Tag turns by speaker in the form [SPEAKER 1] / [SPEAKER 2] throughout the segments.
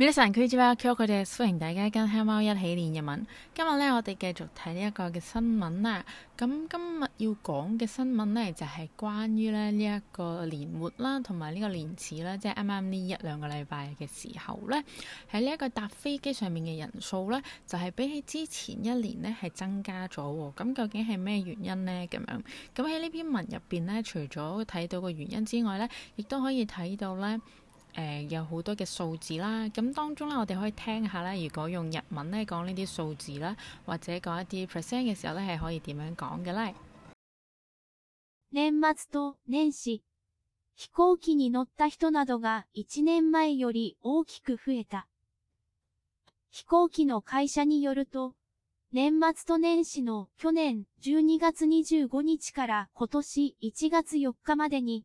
[SPEAKER 1] Hello 大家好，我哋歡迎大家跟黑貓一起練日文。今日咧，我哋繼續睇呢一個嘅新聞啦。咁今日要講嘅新聞咧，就係關於咧呢一個年末啦，同埋呢個年始啦，即係啱啱呢一兩個禮拜嘅時候咧，喺呢一個搭飛機上面嘅人數咧，就係比起之前一年咧係增加咗。咁究竟係咩原因呢？咁樣咁喺呢篇文入邊咧，除咗睇到個原因之外咧，亦都可以睇到咧。誒有好多嘅數字啦，咁當中咧，我哋可以聽下咧。如果用日文咧講呢啲數字啦，或者講一啲 percent 嘅時候咧，係可以點樣講
[SPEAKER 2] 嘅咧？年末と年始、飛行機に乗った人などが1年前より大きく増えた。飛行機の會社によると、年末と年始の去年12月25日から今年1月4日までに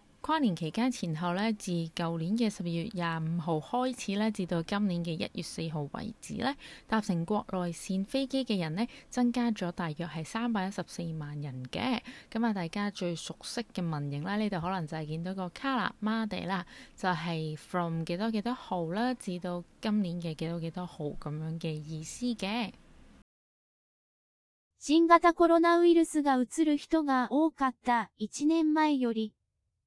[SPEAKER 1] 跨年期間前後咧，自舊年嘅十二月廿五號開始咧，至到今年嘅一月四號為止咧，搭乘國內線飛機嘅人咧，增加咗大約係三百一十四萬人嘅。咁啊，大家最熟悉嘅文型啦，呢度可能就係見到個卡拉馬地啦，就係、是、from 幾多幾多號啦，至到今年嘅幾多幾多號咁樣嘅意思嘅。
[SPEAKER 2] 新型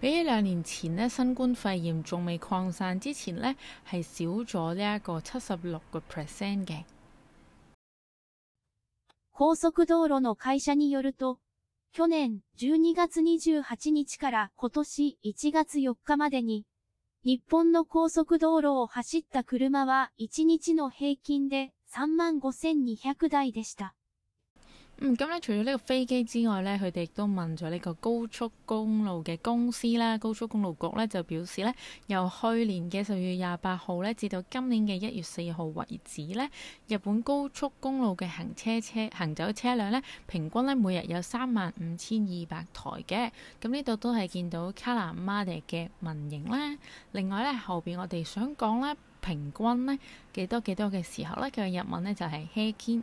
[SPEAKER 1] 比起兩年前呢，新冠肺炎仲未擴散之前呢，係少咗呢一個七十六個 percent 嘅。
[SPEAKER 2] 高速道路の會社によると、去年12月28日から今年1月4日までに、日本の高速道路を走った車は1日の平均で3萬5200台でした。嗯，咁咧，除咗呢個飛機之外咧，佢哋亦都問
[SPEAKER 1] 咗呢個高速公路嘅公司啦，高速公路局咧就表示咧，由去年嘅十二月廿八號咧，至到今年嘅一月四號為止咧，日本高速公路嘅行車車行走車輛咧，平均咧每日有三萬五千二百台嘅。咁呢度都係見到卡拉 n a 嘅文型啦。另外咧，後邊我哋想講咧，平均咧幾多幾多嘅時候咧，嘅日文咧就係 h a k e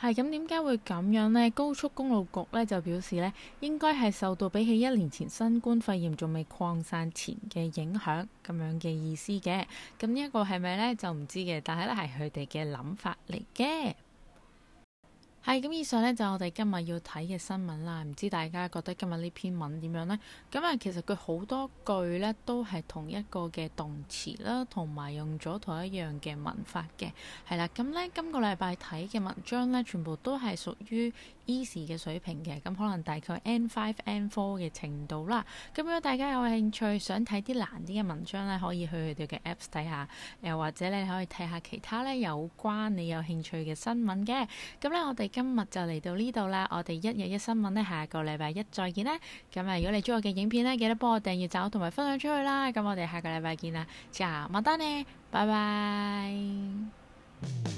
[SPEAKER 1] 係咁，點解會咁樣咧？高速公路局咧就表示咧，應該係受到比起一年前新冠肺炎仲未擴散前嘅影響咁樣嘅意思嘅。咁呢一個係咪咧就唔知嘅，但係咧係佢哋嘅諗法嚟嘅。係，咁以上咧就係我哋今日要睇嘅新聞啦。唔知大家覺得今日呢篇文點樣呢？咁啊，其實佢好多句咧都係同一個嘅動詞啦，同埋用咗同一樣嘅文法嘅。係啦，咁咧今個禮拜睇嘅文章咧，全部都係屬於 Easy 嘅水平嘅，咁可能大概 N5、N4 嘅程度啦。咁如果大家有興趣想睇啲難啲嘅文章呢，可以去佢哋嘅 Apps 睇下，又、呃、或者你可以睇下其他呢有關你有興趣嘅新聞嘅。咁呢，我哋今日就嚟到呢度啦，我哋一日一新聞呢，下個禮拜一再見啦。咁啊，如果你中意我嘅影片呢，記得幫我訂閱、找同埋分享出去啦。咁我哋下個禮拜見啦，就麥多你，拜拜。嗯